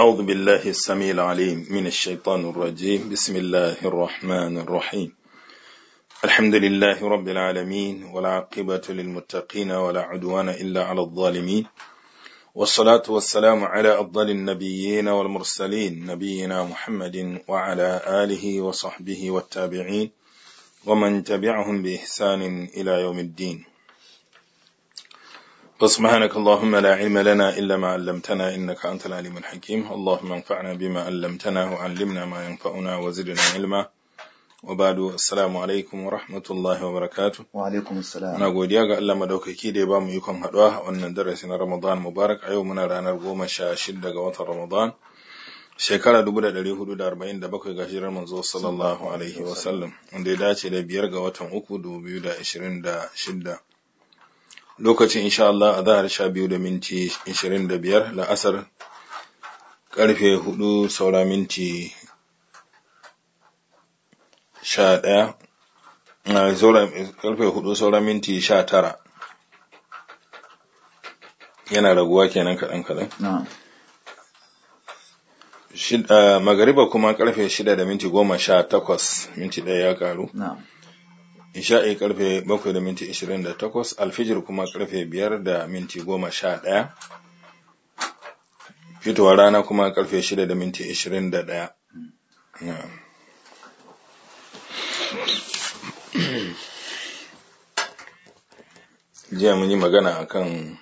أعوذ بالله السميع العليم من الشيطان الرجيم بسم الله الرحمن الرحيم الحمد لله رب العالمين والعاقبة للمتقين ولا عدوان إلا على الظالمين والصلاة والسلام على أفضل النبيين والمرسلين نبينا محمد وعلى آله وصحبه والتابعين ومن تبعهم بإحسان إلى يوم الدين فسبحانك اللهم لا علم لنا إلا ما علمتنا إنك أنت العليم الحكيم اللهم انفعنا بما علمتنا وعلمنا ما ينفعنا وزدنا علما وبعد السلام عليكم ورحمة الله وبركاته وعليكم السلام نقول يا يا الله دوك كيد بام يكم هدوه وأن درسنا رمضان مبارك أيومنا رانا القوم شاشد قوات رمضان دبر داربين shekara 1447 ga hijirar manzo sallallahu alaihi wasallam wanda ya dace da biyar ga watan دا شدة lokacin insha Allah a zahar sha biyu da minti ishirin da biyar la'asar ƙarfe hudu saura minti sha ɗaya ƙarfe hudu saura minti sha tara yana raguwa kenan kaɗan kaɗan ah, magariba kuma ƙarfe shida da minti goma sha takwas minti ɗaya ya ƙaru isha'i karfe 7 da minti 28 alfijir kuma karfe 5 da minti 11 fitowa rana kuma karfe 6 da minti 21 jiya mun yi magana akan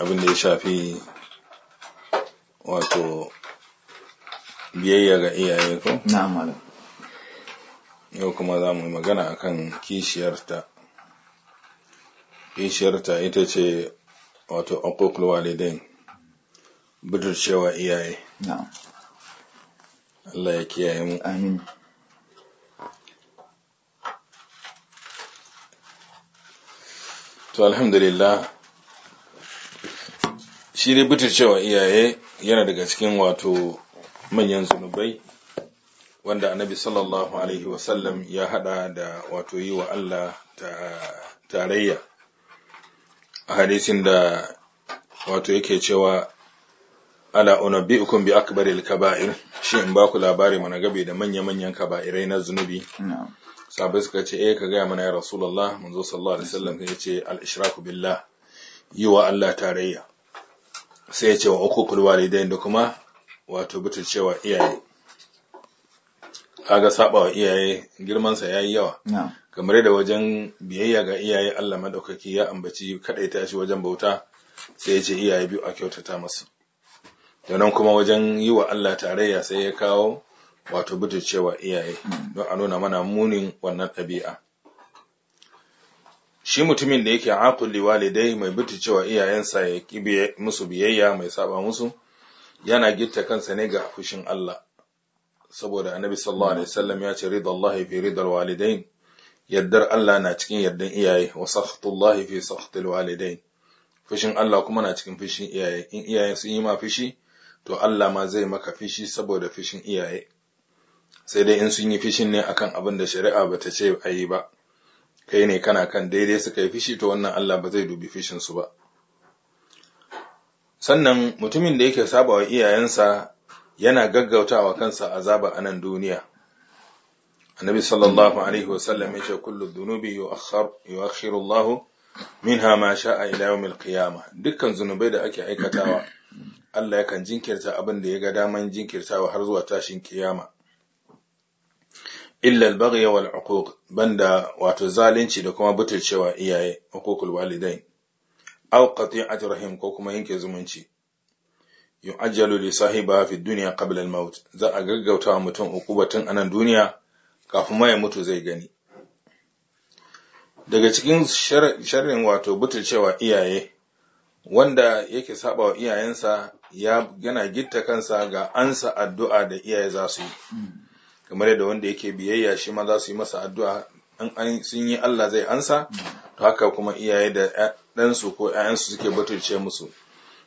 abin da ya shafi wato biyayya ga iyaye ko? yau kuma za mu yi magana kan kishiyarta kishiyarta ita ce wato uququl walidain budurcewa iyaye Allah ya kiyaye mu amin to alhamdulillah shi dai budurcewa iyaye yana daga cikin wato manyan zunubai wanda annabi sallallahu alaihi wasallam ya hada da wato yi wa Allah tarayya a hadisin da wato yake cewa ala unabbi'ukum bi akbaril kaba'ir shi in ba ku labari mana gabe da manya-manyan kaba'irai na zunubi sabai suka ce eh ka gaya mana ya rasulullah manzo sallallahu alaihi wasallam ya ce al-ishraku billah yi wa Allah tarayya sai ya ce wa uku kulwalidain da kuma wato cewa iyaye kaga wa iyaye girmansa sa yayi yawa kamar da wajen biyayya ga iyaye Allah madaukaki ya ambaci ta shi wajen bauta sai ya ce iyaye biyu a kyautata masu da nan kuma wajen yi wa Allah tarayya sai ya kawo wato butucewa iyaye don a nuna mana munin wannan ɗabi'a shi mutumin da yake li walidai mai butucewa iyayensa ya ki musu biyayya mai saba musu yana gitta kansa ne ga fushin Allah saboda annabi sallallahu alaihi wasallam ya ce Allah fi ridal walidain yaddar Allah na cikin yardan iyaye wa sakhtullahi fi sakhtil walidain fushin Allah kuma na cikin fishin iyaye in iyaye sun yi ma fishi, to Allah ma zai maka fishi saboda fishin iyaye sai dai in sun yi fishin ne akan abin da shari'a ba ta ce a yi ba kai ne kana kan daidai suka yi fishi, to wannan Allah ba zai dubi fushin su ba sannan mutumin da yake saba wa iyayensa yana gaggautawa kansa azaba a nan duniya annabi sallallahu alaihi wasallam ya ce kullu dhunubi yu'akhkhiru Allah minha ma sha'a ila mil qiyamah dukkan zunubai da ake aikatawa Allah yakan jinkirta abin da ya ga daman jinkirtawa har zuwa tashin kiyama illa al-baghya wal uquq banda wato zalunci da kuma butulcewa iyaye uququl walidai aw qati'at rahim ko kuma yanke zumunci yu'ajjalu li sahiba fi dunya qabla al-maut za a gaggauta wa mutum ukubatun anan duniya kafin mai mutu zai gani daga cikin sharrin wato butulcewa iyaye wanda yake saba iyayensa ya gana gitta kansa ga ansa addu'a da iyaye za su yi kamar yadda wanda yake biyayya shi ma za su yi masa addu'a an sun yi Allah zai ansa to haka kuma iyaye da ɗansu ko ‘ya'yansu suke butulce musu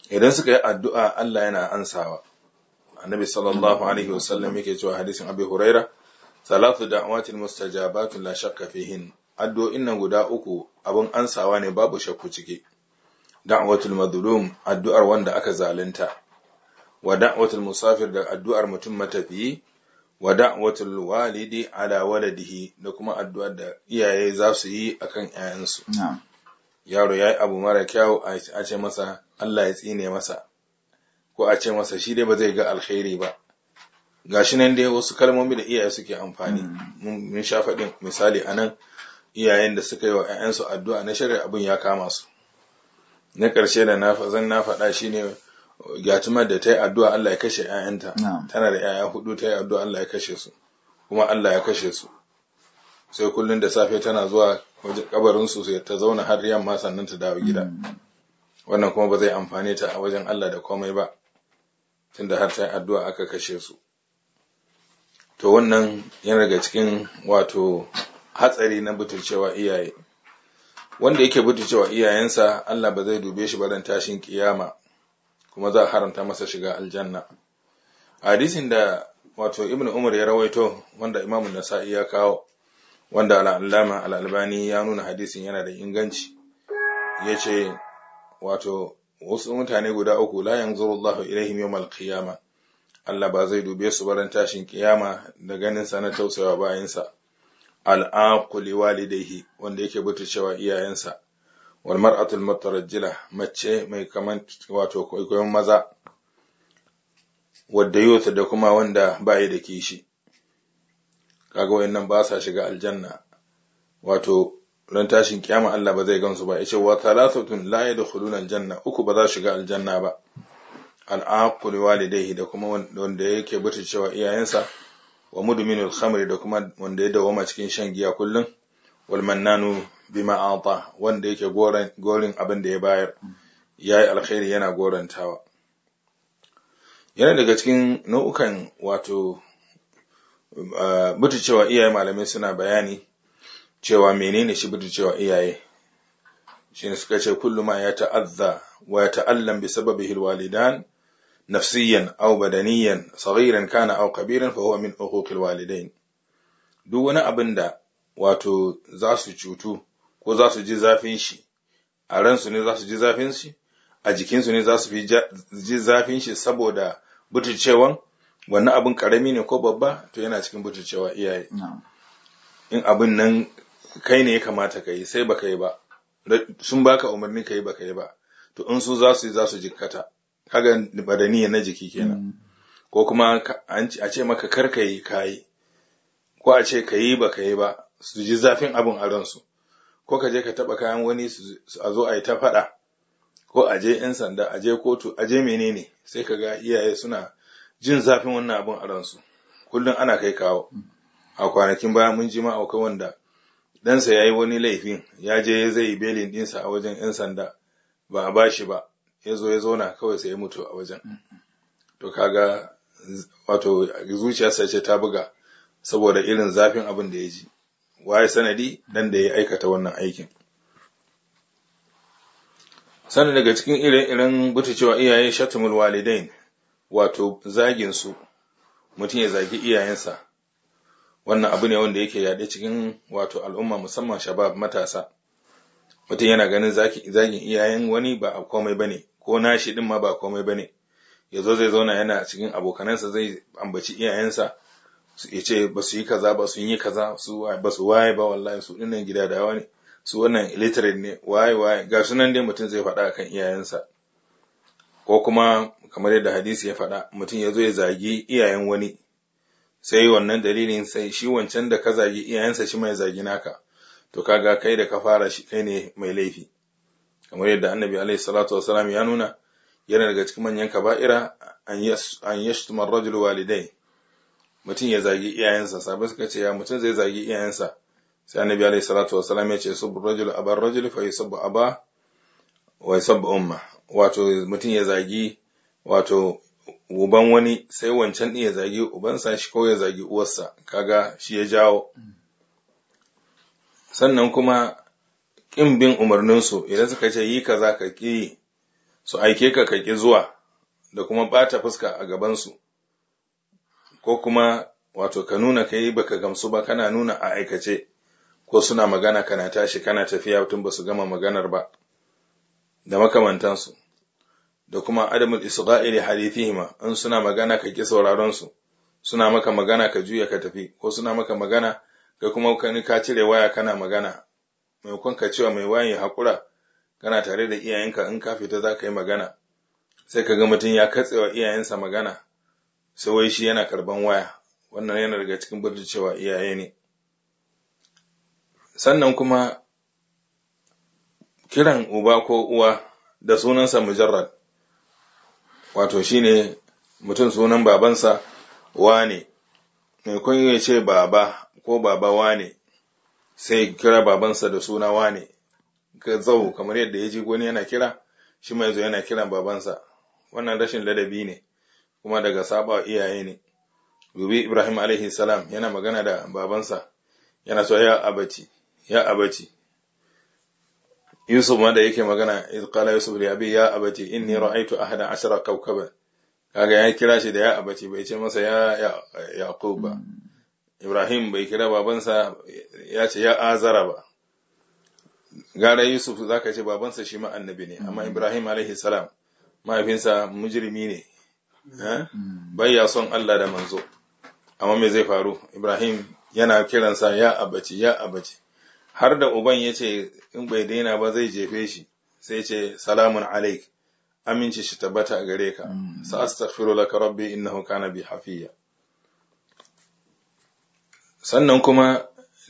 idan suka yi addu'a Allah yana ansawa annabi sallallahu alaihi wasallam yake cewa hadisin abi huraira salatu da'awatil mustajabatun la shakka fihin addu'o'in nan guda uku abin ansawa ne babu shakku ciki da'watul madlum addu'ar wanda aka zalunta wa da’awatul musafir da addu'ar mutum matafiyi wa da’awatul walidi ala waladihi da kuma addu'ar da iyaye za su yi akan 'ya'yansu yaro ya yi abu mara kyau a ce masa Allah ya tsine masa ko a ce masa shi dai ba zai ga alkhairi ba gashi nan dai wasu kalmomi da iyaye suke amfani mun sha faɗin misali a nan iyayen da suka yi wa 'ya'yansu addu'a na shari'a abin ya kama su na ƙarshe da na zan na faɗa shine gatumar da ta yi addu'a Allah ya kashe 'ya'yanta tana da 'ya'ya hudu ta yi addu'a Allah ya kashe su kuma Allah ya kashe su sai kullum da safe tana zuwa kabarinsu sai ta zauna har yamma sannan ta dawo gida mm. wannan kuma ba zai amfane ta a wajen Allah da komai ba tunda har ta yi addu'a aka kashe su to wannan yana daga cikin wato hatsari na butulcewa iyaye wanda yake butulcewa iyayensa Allah ba zai dube shi ba dan tashin kiyama kuma za a haramta masa shiga aljanna hadisin da wato ibnu umar ya rawaito wanda imamun nasa'i ya kawo wanda al albani ya nuna hadisin yana da inganci yace wato wasu mutane guda uku la yanzurullahu ilaihim yawmal qiyama Allah ba zai dube su baran tashin kiyama da ganin sa na tausayawa bayansa al'aqu walidayhi wanda yake butulcewa iyayensa wal al mutarajjila mace mai kaman wato kwaikwayon maza wadda yuth da kuma wanda ba yi da kishi kaga wayannan ba sa shiga aljanna wato ran tashin kiyama Allah ba zai gansu ba Ya wa thalathatun la yadkhuluna aljanna uku ba za su shiga aljanna ba aqul walidayhi da kuma wanda yake buta cewa iyayensa wa mudminul khamri da kuma wanda ya dawoma cikin shan giya kullum wal mannanu bima ata wanda yake gorin abin da ya bayar yayi alkhairi yana gorantawa yana daga cikin nau'ukan wato uh, bata cewa iyaye malamai suna bayani cewa menene shi cewa iyaye ne suka ce kullum ma ya ta'azza wa ya ta'allam bi sababihi alwalidan nafsiyan aw badaniyan saghiran kana aw kabiran fa huwa min huquq alwalidain duk wani abin da wato za su cutu ko za su ji zafin shi a ransu ne za su ji zafin shi a jikinsu ne za su ji zafin shi saboda butulcewan wannan abin karami ne ko babba to yana cikin butulcewa iyaye in abin nan kai ne ya kamata ka yi sai ba ka yi ba sun baka umarni ka yi ba ka yi ba to in su za su yi za su jikkata kaga badani na jiki kenan mm. ko kuma a ce maka kar ka yi ka yi ko a ce ka yi ba ka yi ba su ji zafin abin a ransu ko ka je ka taɓa kayan wani a zo a yi ta faɗa ko a je 'yan sanda a je kotu a je menene sai ka ga iyaye suna jin zafin wannan abin a ransu kullum ana kai kawo mm. a kwanakin baya mun ji ma wanda ɗansa ya yi wani laifin ya je zai yi belin ɗinsa a wajen 'yan sanda ba a bashi ba ya zo ya zauna kawai sai ya mutu a wajen to kaga wato zuciyarsa ce ta buga saboda irin zafin abin da ya ji waye sanadi dan da ya aikata wannan aikin Sani daga cikin ire-iren butucewa iyaye shatumul walidain wato zagin su mutum ya zagi iyayensa wannan abu ne wanda yake yaɗe cikin wato al'umma musamman shabab matasa mutum yana ganin zagin iyayen wani ba a komai ba ne ko nashi din ma ba komai ba ne ya zo zai zauna yana cikin abokanansa zai ambaci iyayensa ya ce ba su yi kaza ba su yi kaza su ba su waye ba wallahi su dinnan gida da wani su wannan illiterate ne waye waye ga sunan dai mutum zai faɗa akan iyayensa ko kuma kamar yadda hadisi ya faɗa mutum ya zo ya zagi iyayen wani sai wannan dalilin sai shi wancan da ka zagi iyayensa shi mai zagi naka to kaga kai da ka fara shi kai ne mai laifi kamar yadda annabi alaihi salatu wasalam ya nuna yana daga cikin manyan kaba'ira an yashtuma rajul walidai mutum ya zagi iyayensa sabu suka ce ya mutum zai zagi iyayensa sai annabi alaihi salatu wasalam ya ce subu rajul abar rajul fa yusubbu aba wa yusubbu umma wato mutum ya zagi wato uban wani sai wancan ɗin ya zagi ubansa shi ko ya zagi uwarsa kaga shi ya jawo sannan kuma ƙin bin umarninsu idan suka ce yi kaza ka ƙi su aike ka ka ƙi zuwa da kuma ɓata fuska a gabansu ko kuma wato ka nuna ka yi baka gamsu ba kana nuna a aikace ko suna magana kana tashi kana tafiya tun ba su gama maganar ba da makamantansu da kuma adamul isra'ili hadithihima in suna magana ka ki sauraron su suna maka magana ka juya ka tafi ko suna maka magana ka kuma kani ka cire waya kana magana maimakon ka cewa mai wayan ya hakura kana tare da iyayenka in ka fita za ka yi magana sai ka ga mutum ya katsewa iyayensa magana sai wai shi yana karban waya wannan yana daga cikin cewa iyaye ne sannan kuma kiran uba ko uwa da sunansa mujarrad wato shine mutum sunan babansa wane maimakon ya ce baba ko baba wane sai kira babansa da suna wane ka zau kamar yadda ya ji wani yana kira shi mai zo yana kiran babansa wannan rashin ladabi ne kuma daga saba iyaye ne dubi ibrahim alaihi yana magana da babansa yana so ya abaci ya abaci Yusuf ma da yake magana iz qala Yusuf li abi ya abati inni ra'aytu ahada ashara kawkaba kaga ya kira shi da ya abati bai ce masa ya Yaqub ba Ibrahim bai kira babansa ya ce ya Azara ba gara Yusuf zaka ce babansa shi ma annabi ne amma mm. Ibrahim alaihi salam mahaifinsa mujrimi ne mm. Eh? Mm. bai ya son Allah da manzo amma me zai faru Ibrahim yana kiransa ya abaci ya abaci har da uban ya ce in bai daina ba zai jefe shi sai ce salamun alaik Amince shi tabbata a gare ka mm. sa astaghfiru laka rabbi innahu kana bi hafiya sannan kuma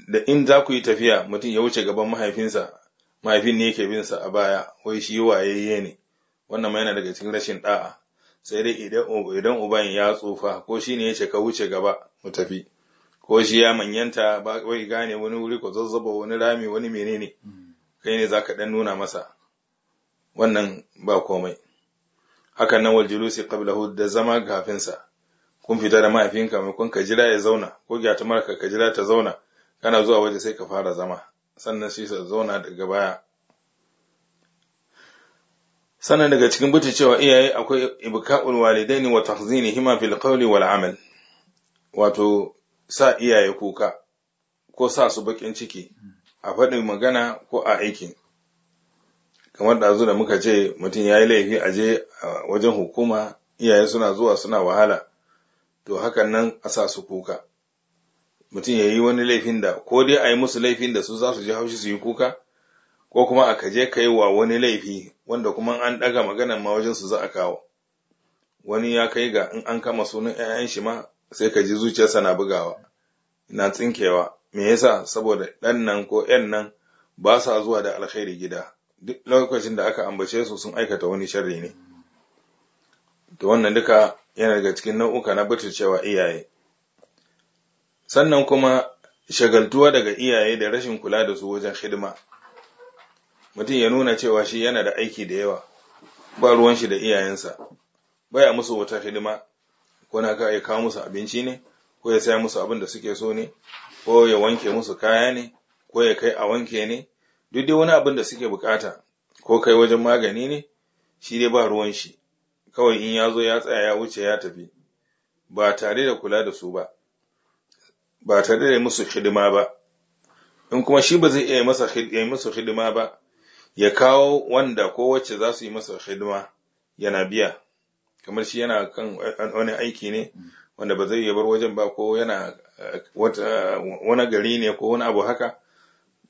da in za ku yi tafiya mutum ya wuce gaban mahaifinsa mahaifin ne yake bin sa a baya wai shi wayayye ne wannan ma yana daga cikin rashin da'a sai dai idan uban ya tsufa ko shine ya ce ka wuce gaba mu tafi ko shi ya manyanta ba wai gane wani wuri ko zazzaba wani rami wani menene kai ne zaka dan nuna masa wannan ba komai hakan nan wal julusi qablahu da zama kafin sa kun fita da mahaifinka mai kun ka jira ya zauna ko ta marka ka jira ta zauna kana zuwa waje sai ka fara zama sannan shi sa zauna daga baya sannan daga cikin buti cewa iyaye akwai ibka'ul walidaini wa tahzinihima fil qawli wal amal wato sa iyaye kuka ko sa su bakin ciki a faɗin magana ko a aikin kamar ɗazu da muka ce mutum ya yi laifi a je wajen hukuma iyaye suna zuwa suna wahala to hakan nan a sa su kuka mutum ya yi wani laifin da ko dai a yi musu laifin da su za su ji haushi su yi kuka ko kuma a kaje ka yi wa wani laifi wanda kuma an ɗaga maganan ma wajen su za a kawo wani ya kai ga in an kama sunan 'ya'yan shi ma sai ka ji zuciyarsa na bugawa na tsinkewa me yasa saboda ɗan nan ko ‘yan nan ba sa zuwa da alkhairi gida duk lokacin da aka ambace su sun aikata wani sharri ne to wannan duka yana daga cikin nau'uka na butulcewa iyaye sannan kuma shagaltuwa daga iyaye da rashin kula da su wajen hidima mutum ya nuna cewa shi yana da aiki da yawa ba ruwan shi da iyayensa baya musu wata hidima ko na ya kawo musu abinci ne ko ya saya musu abin da suke so ne ko ya wanke musu kaya ne ko ya kai a wanke ne duk dai wani abin da suke bukata ko kai wajen magani ne shi dai ba ruwan shi kawai in ya zo ya tsaya ya wuce ya tafi ba tare da kula da su ba ba tare da musu hidima ba in kuma shi ba zai iya musu hidima ba ya kawo wanda ko wacce za su yi masa hidima yana biya kamar shi yana kan wani aiki ne mm. wanda ba zai bar wajen ba ko yana wani gari ne ko wani abu haka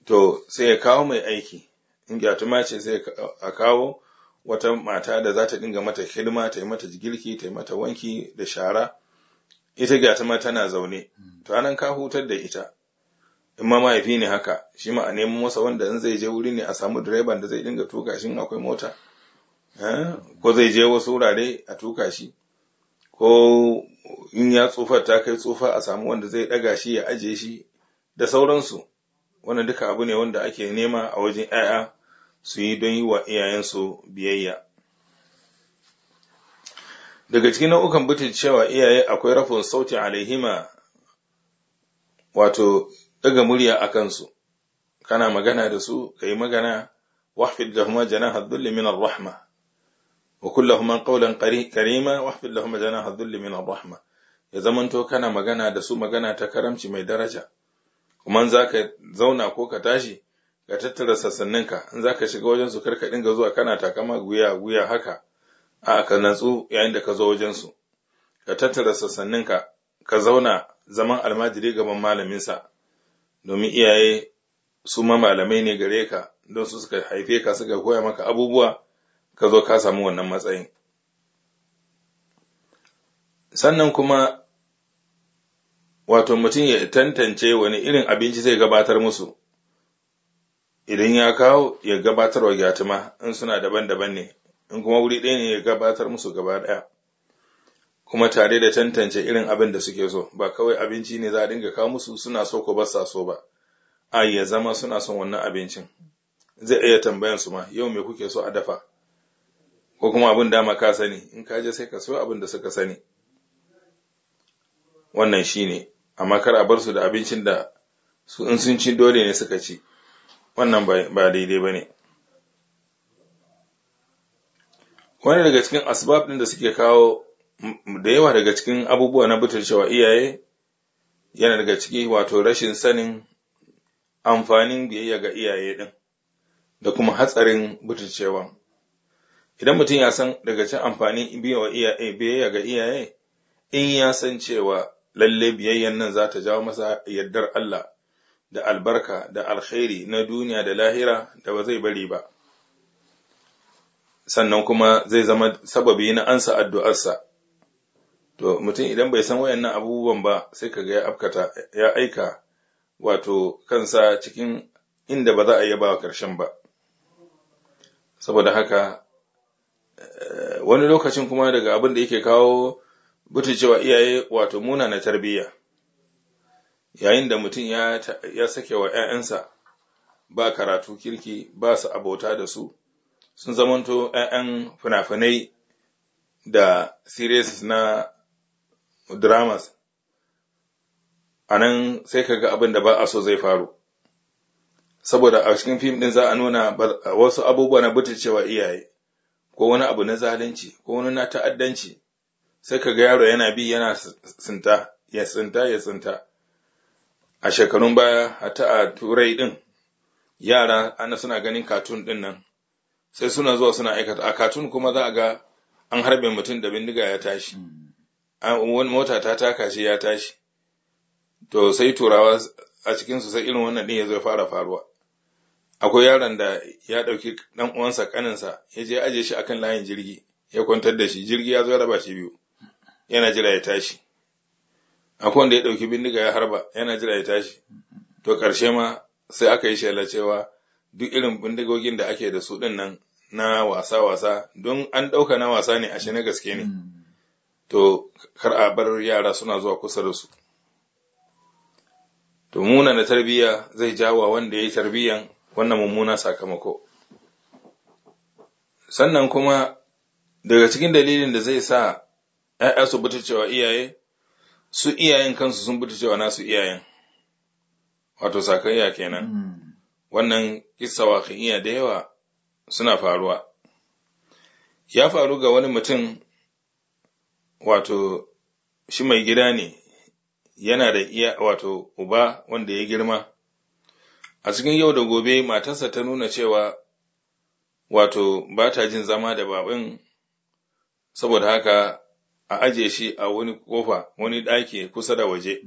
to sai ya kawo mai aiki in gyatuma ce sai a kawo wata mata da za ta dinga mata hidima ta yi mata girki ta yi mata wanki da shara ita gyatuma tana zaune mm. to anan ka hutar da ita in ma mahaifi ne haka shi ma a neman masa wanda in zai je wuri ne a samu direban da zai dinga tuka shi akwai mota Eh? ko zai je wasu wurare a tuka shi ko in ya tsufa ta kai tsufa a samu wanda zai ɗaga shi ya ajiye shi da sauransu wannan duka abu ne wanda ake nema a wajen 'ya'ya su yi don yi wa iyayensu biyayya daga cikin nau'ukan butul cewa iyaye akwai rafin sauti alaihima wato daga murya a kansu kana magana da su ka yi magana wahfid da kuma haddulli min rahma وكن لهما قولا كريما واحفظ لهما جناح الذل من الرحمة ya zamanto kana magana da su magana ta karamci mai daraja kuma za ka zauna ko ka tashi ka tattara sassaninka in za ka shiga wajen su karka dinga zuwa kana takama guya guya haka a ka natsu yayin da ka zo wajen su ka tattara sassaninka ka zauna zaman almajiri gaban malaminsa domin iyaye su ma malamai ne gare ka don su suka haife ka suka koya maka abubuwa ka zo ka samu wannan matsayin sannan kuma wato mutum ya tantance wani irin abinci zai gabatar musu idan ya kawo ya gabatar wa gyatuma, in suna daban-daban ne in kuma wuri ɗaya ne ya gabatar musu gaba ɗaya kuma tare da tantance irin abin da suke so ba kawai abinci ne za a dinga kawo musu suna so ko basa so ba a ya zama suna son wannan abincin zai iya tambayan su ma yau me kuke so a dafa ko kuma abin dama ka sani in ka je sai ka so abin da suka sani wannan shi amma kar a bar su da abincin da su in sun ci dole ne suka ci wannan ba daidai ba ne wani daga cikin asbab ɗin da suke kawo da yawa daga cikin abubuwa na butulcewa iyaye yana daga ciki wato rashin sanin amfanin biyayya ga iyaye din, da kuma hatsarin butulcewa idan mutum ya san daga cin amfanin biyayya ga iyaye in ya san cewa lalle biyayyan nan za ta jawo masa yardar Allah da albarka da alkhairi na duniya da lahira da ba zai bari ba sannan kuma zai zama sababi na ansa addu'arsa to mutum idan bai san wayannan abubuwan ba sai kaga ya afkata ya aika wato kansa cikin inda ba za a yaba karshen ba saboda haka wani lokacin kuma daga abin da yake kawo cewa iyaye wato muna na tarbiyya yayin da mutum ya, ya sake wa ‘ya'yansa ba karatu kirki ba su abota da su sun zamanto ‘ya'yan fina-finai da series na dramas a nan sai ka ga abin da ba a so zai faru saboda a cikin fim ɗin za a nuna wasu abubuwa na butulcewa iyaye ko wani abu na zalunci ko wani na ta'addanci sai ka ga yaro yana bi yana tsinta ya tsinta ya tsinta a shekarun baya hata a turai din yara ana suna ganin katun din nan sai suna zuwa suna aikata a katun kuma za a ga an harbe mutum da bindiga ya tashi wani mota ta taka shi ya tashi to sai turawa a cikinsu sai irin wannan din ya zo fara faruwa akwai yaron da ya ɗauki ɗan uwansa kaninsa ya je aje shi akan layin jirgi ya kwantar da shi jirgi ya zo ya raba shi biyu yana jira ya tashi akwai wanda ya ɗauki bindiga ya harba yana jira ya tashi to ƙarshe ma sai aka yi shela cewa duk irin bindigogin da ake da su ɗin nan na wasa-wasa don an ɗauka na wasa ne ashe na gaske ne to kar a bar yara suna zuwa kusa da su to muna na tarbiyya zai jawa wanda ya yi tarbiyyan wannan mummuna sakamako sannan kuma daga cikin dalilin da zai sa ‘ya'ya su buta cewa iyaye su iyayen kansu sun buta cewa nasu iyayen wato iya kenan hmm. wannan kan iya da yawa suna faruwa ya faru ga wani mutum wato shi mai gida ne yana da iya wato uba wanda ya girma a cikin yau da gobe matarsa ta nuna cewa wato ba ta jin zama da baban saboda haka a aje shi a wani kofa wani ɗaki kusa da waje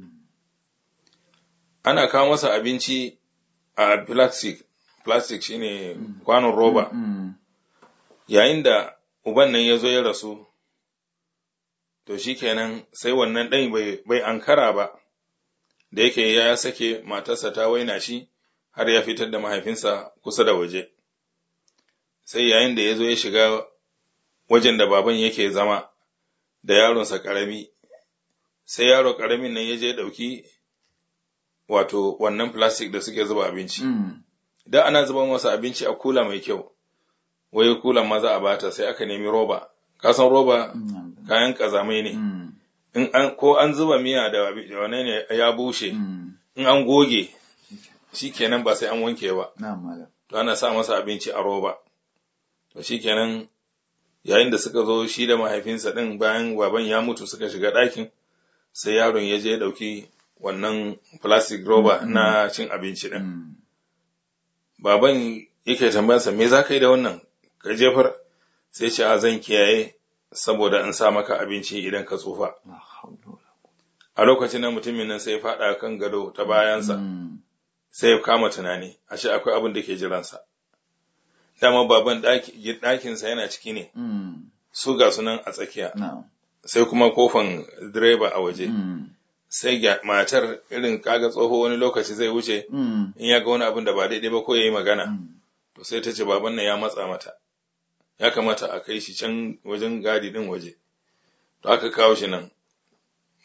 ana kawo masa abinci a plastic plastic shine mm. kwanon roba mm, mm. yayin da uban nan ya zo ya rasu to shi kenan sai wannan ɗan bai ankara ba da yake ya sake matarsa ta waina shi har ya fitar da mahaifinsa kusa da waje. Sai yayin da ya zo ya shiga wajen da baban yake zama da yaronsa ƙarami, sai yaro ƙaramin nan ya je ɗauki wato wannan plastic da suke zuba abinci. Hmm. Da ana zuba masa abinci a kula mai kyau, wai kulan maza a bata sai aka nemi roba, kasan roba hmm. kayan ƙazamai ne. Hmm. ko an zuba miya da wane ne ya bushe, in an goge shi kenan ba sai an wanke ba to ana sa masa abinci a roba to kenan yayin da suka zo shi da mahaifinsa din bayan baban ya mutu suka shiga ɗakin sai yaron ya je ɗauki wannan plastic roba mm-hmm. na cin abinci din mm. baban yake tambayarsa me za ka yi da wannan ka jefar sai ce a zan kiyaye saboda in sa maka abinci idan ka tsufa a lokacin nan mutumin nan sai ya faɗa kan gado ta bayansa mm. sai ya kama tunani ashe akwai abin da ke jiransa dama baban ɗakinsa yana ciki ne hmm. su ga sunan a tsakiya sai kuma kofan direba a waje hmm. sai matar irin kaga tsoho wani lokaci zai wuce hmm. in ya ga wani abin da ba daidai ba ko ya yi magana to sai ta ce baban nan ya matsa mata ya kamata a kai shi can wajen gadi din waje to aka kawo shi nan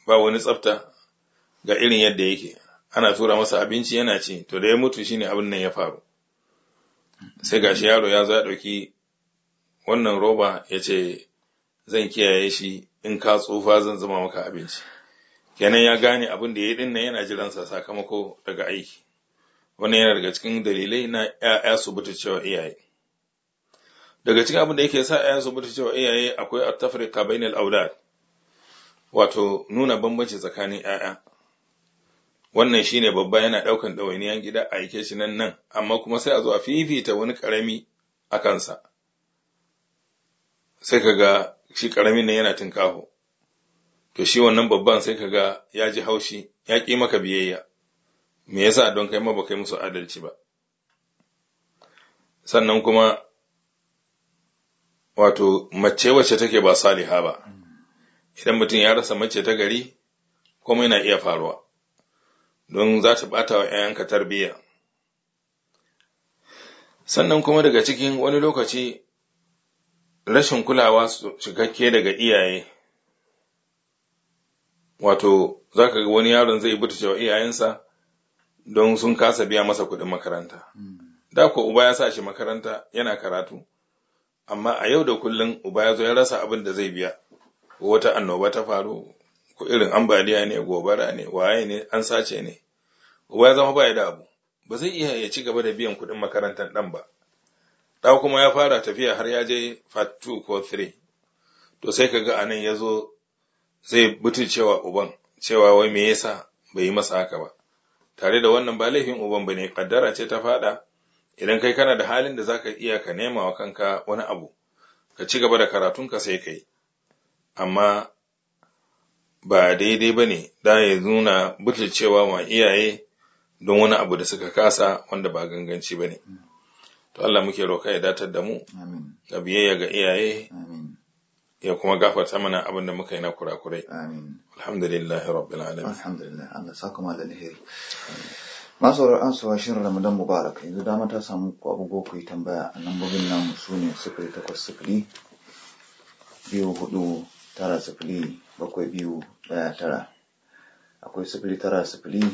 ba wani tsafta ga irin yadda yake ana tura masa abinci yana ci to da ya mutu shine abin nan ya faru sai gashi yaro ya za ɗauki wannan roba yace zan kiyaye shi in ka tsufa zan zama maka abinci kenan ya gane abin da ya yi dinnan yana jiransa sakamako daga aiki wannan yana daga cikin dalilai na ‘ya'ya su buta cewa iyaye daga cikin abin da yake sa ‘ya'ya su buta cewa iyaye akwai at-tafriqa bainal awlad wato nuna bambanci tsakanin ‘ya'ya wannan shine babba yana ɗaukan ɗawainiyar gida a yake shi nan nan amma kuma sai a zo a fifita wani ƙarami a kansa sai ka shi ƙaramin nan yana tinkaho to shi wannan babban sai ka ga ya ji haushi ya ƙi maka biyayya me yasa don kai ma ba kai musu adalci ba sannan kuma wato mace wacce take ba saliha ba idan mutum ya rasa mace ta gari kuma yana iya faruwa don za ta ɓata wa ‘ya'yanka tarbiyya. Sannan kuma daga cikin wani lokaci rashin kulawa su cikakke daga iyaye, wato za ka ga wani yaron zai buta cewa iyayensa don sun kasa biya masa kuɗin makaranta. Da ko uba ya sa shi makaranta yana karatu, amma a yau da kullum uba ya zo ya rasa abin da zai biya, wata annoba ta faru, irin ambaliya ne gobara ne waye ne an sace ne uba ya zama ba da abu ba zai iya ya ci gaba da biyan kuɗin makarantar ɗan ba ɗa kuma ya fara tafiya har ya je part 2 ko 3 to sai ka ga anan ya zo zai butulcewa uban cewa wai me yasa bai yi masa haka ba tare da wannan ba laifin uban ba ne, kaddara ce ta faɗa. idan kai kana da halin da zaka iya ka nema wa kanka wani abu ka ci gaba da karatunka sai kai amma ba daidai ba ne da ya nuna butulcewa ma iyaye don wani abu da suka kasa wanda ba ganganci ba ne. To Allah muke roƙa ya datar da mu, da biyayya ga iyaye, ya kuma gafarta mana abin da muka yi na kurakurai. Alhamdulillahi Rabbil Alamin. Alhamdulillah, Allah sa kuma alheri. Masu an suwa shirin Ramadan Mubarak, yanzu dama ta samu ku abubuwa ku yi tambaya a lambobin namu su ne sifiri takwas sifiri, biyu hudu tara sifiri bakwai biyu tara akwai sifili tara sifili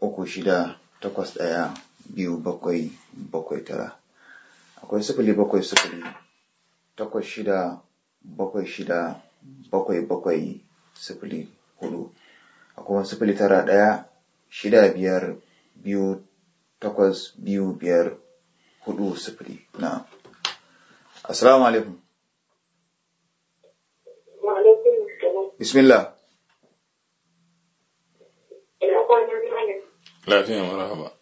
uku shida takwas ɗaya biyu bakwai bakwai tara akwai sifili bakwai sifili takwas shida bakwai shida bakwai bakwai sifili hudu akwai sifili tara ɗaya shida biyar biyu takwas biyu biyar hudu sifili na asalamu alaikum bismillah lafiya wani Allah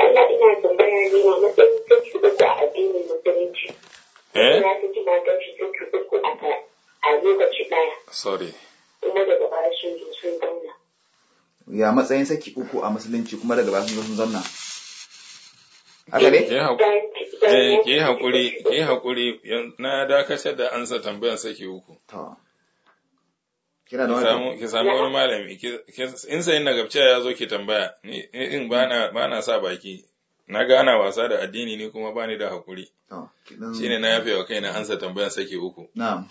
ina tambaya ne a matsayin kan shugaba a addinin musulunci. Eh? Na ta ji matan shi sun cuta ko aka a lokaci ɗaya. Sorry. Kuma daga baya sun zo sun zanna. Ya matsayin saki uku a musulunci kuma daga baya sun zo sun zanna. haka ne eh ki hakuri ki hakuri na dakatar da ansa tambayan sake uku to kina da wani ki samu wani malami in sai na gabciya ya zo ki tambaya ni in bana bana sa baki na ga ana wasa da addini ne kuma bani da hakuri Shi ne na yafe wa kaina ansa tambayan sake uku na'am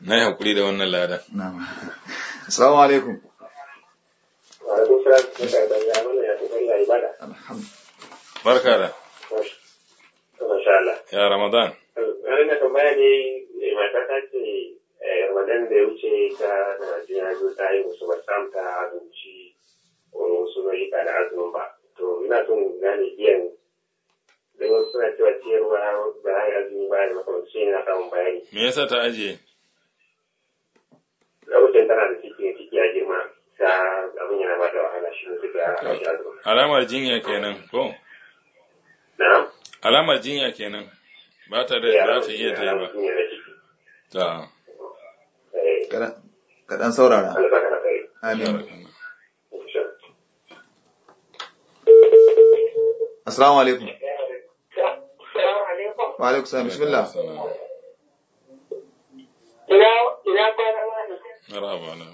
na yi hakuri da wannan ladan na'am assalamu alaikum wa alaikum salam ya ibada alhamdulillah barka da ya ramadan garin da tambaya ne mata ta ce eh, ramadan da ya wuce ta najeriya zo ta yi musu ba samu ta abinci wani wasu nau'ika da azumin ba to ina son gane biyan da wasu suna cewa ciyarwa da za azumin yi azumi ba da makamanci na samun bayani me yasa ta ajiye lokacin tana da ciki ciki a girma ta abin yana ba da wahala shi ne suka ajiye azumin alamar jinya kenan ko alamar jinya kenan ba ta da ba ta iya ta yi ba ta eh. saurara amin assalamu alaikum wa alaikum salam bismillah ina marhaba na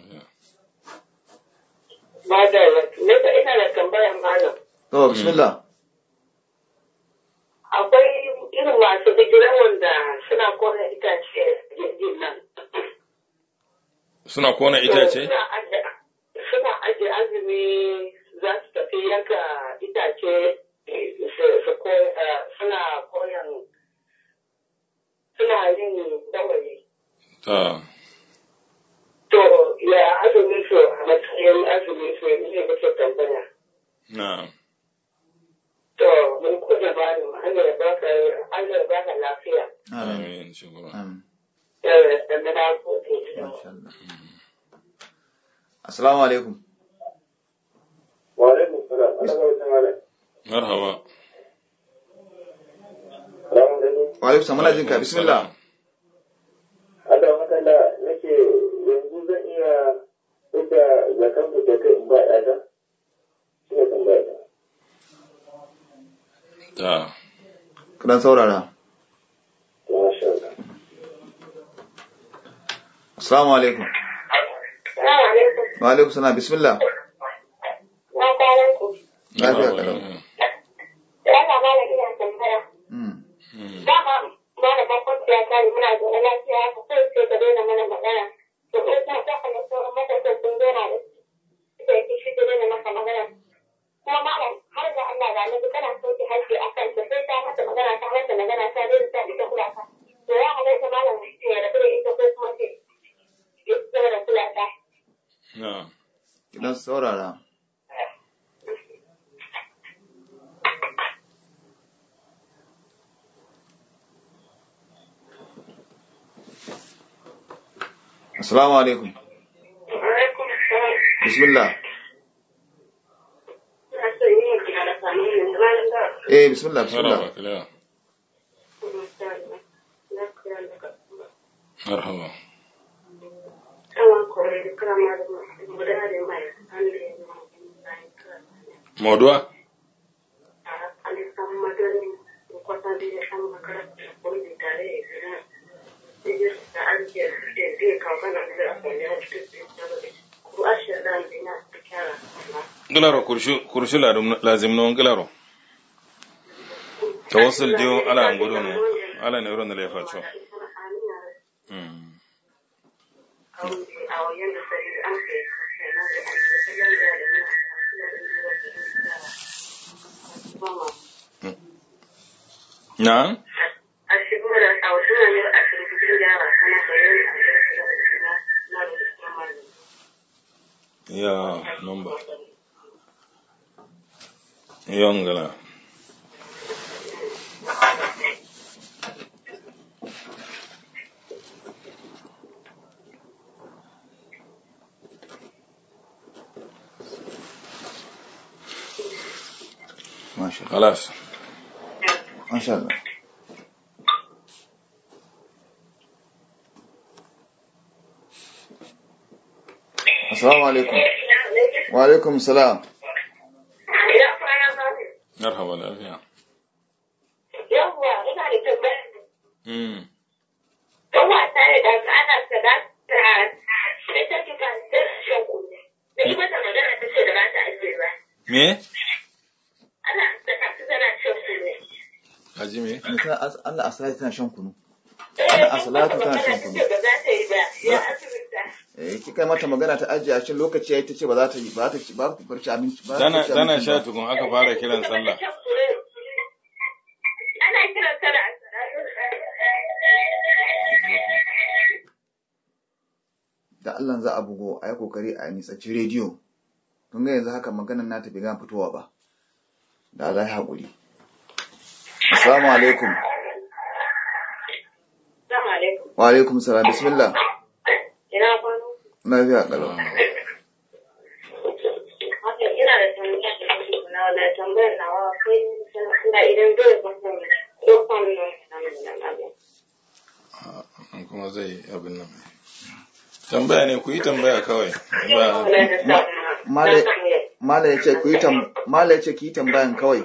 ba da ina da tambayar malam to bismillah suna kona itace jin ka bismillah Allah makalla nake yanzu zan iya duka zakan ku da kai in ba da shi ne tambaya ta ta kadan saurara Assalamu alaikum. Wa alaikum salam bismillah. Lafiya kalau. السلام عليكم وعليكم السلام بسم الله ايه بسم الله بسم الله kursi lazim no ngilaro tawassul dio ala ngodo no ala ne ron le faccio mm na yeah, number يونغلا ماشي خلاص ما شاء الله السلام عليكم وعليكم السلام ana a salatu tana shan kunu ana a salatu tana shan kunu eh, eh kika mata magana ta ajiye a cikin lokaci yayi tace ba za ta yi. ba ta ba ku barci aminci ba zana zana sha tukun aka fara kiran sallah ana kiran sallah da Allah za a bugo a yi kokari a nisaci rediyo tun ga yanzu haka maganar nata bai gan fitowa ba da za a yi haƙuri Assalamu alaikum. Assalamu alaikum. Wa alaikum salam. Bismillah. Ina kwano. Lafiya kalau. ina da tambaya na wala tambayar nawa sai da idan zai kwanta ne. Dokon nan na kuma zai abin nan. Tambaya ne ku yi tambaya kawai. Mala ya ce ku yi tambayan kawai.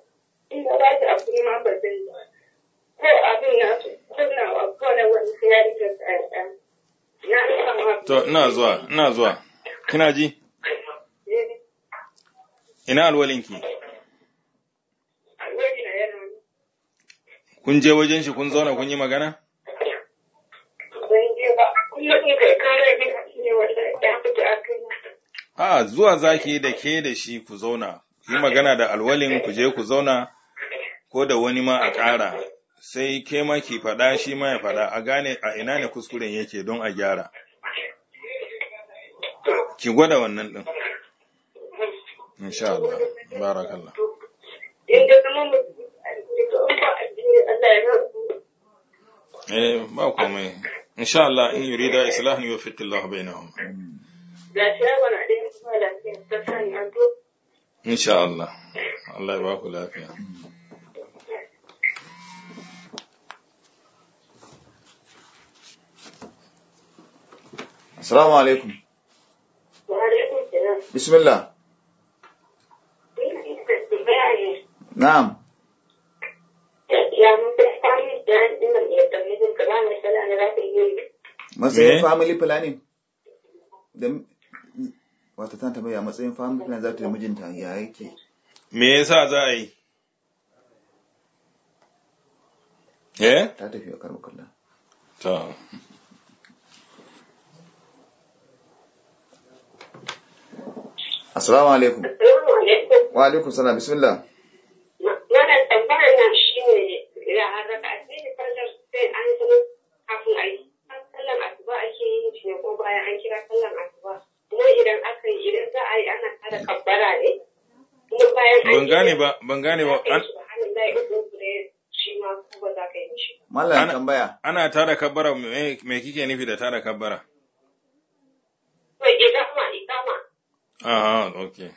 in ba abu ma ba zai ko abin ya ko na wani sai ya To, ina zuwa, ina zuwa, kina ji? Ina alwalinki? Kun je wajen shi kun zauna kun yi magana? A zuwa zaki da ke da shi ku zauna, yi magana da alwalin ku je ku zauna ko da wani ma a ƙara sai ke ma ki faɗa shi ma ya faɗa a gane a ina ne kuskuren yake don a gyara ki gwada wannan ɗin insha Allah barakallah eh ba komai insha Allah in yurida islahan yuwaffiqillahu bainahum insha Allah Allah ya ba ku lafiya Salamu alaikum. Bismillah. Na'am. Matsayin family planning? Wata ta tabaya matsayin family planning za ta yi mijinta ya yake. Me yasa za a yi? Eh? Ta tafi a karɓar kallon. Ta. Assalamu alaikum. Wa alaikum salam bismillah. Mana tambayar na shi ne ya haraka a cikin sallar sai an zama kafin a yi sallar asuba ake yin shi ne ko bayan an kira sallar asuba. Kuma idan aka yi idan za a yi ana kada kabbara ne. Kuma bayan an Ban gane ba, ban gane ba. An Malam tambaya. Ana tada kabbara me kike nufi da tada kabbara? Ah, okay.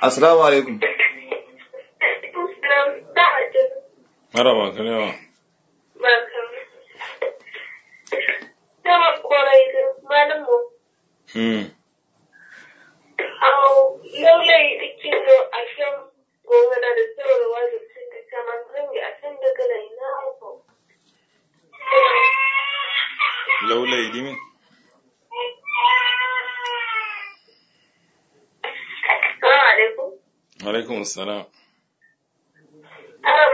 Assalamu alaikum. Merhaba, merhaba. Merhaba. Tamam, kolaydı. Malum mu? Hmm. دي مين السلام عليكم وعليكم السلام أنا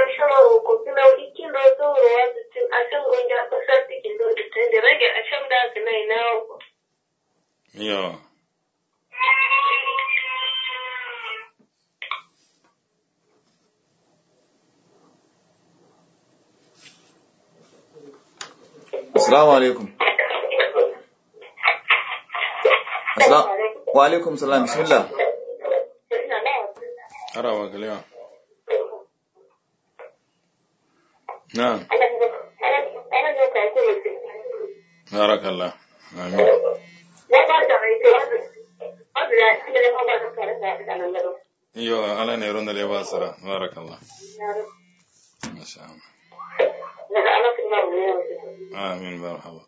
اللي السلام عليكم السلام وعليكم السلام بسم الله أراوك اليوم نعم بارك الله آمين ايوه على نيرون اللي باسرة بارك الله ما شاء الله آمين مرحبا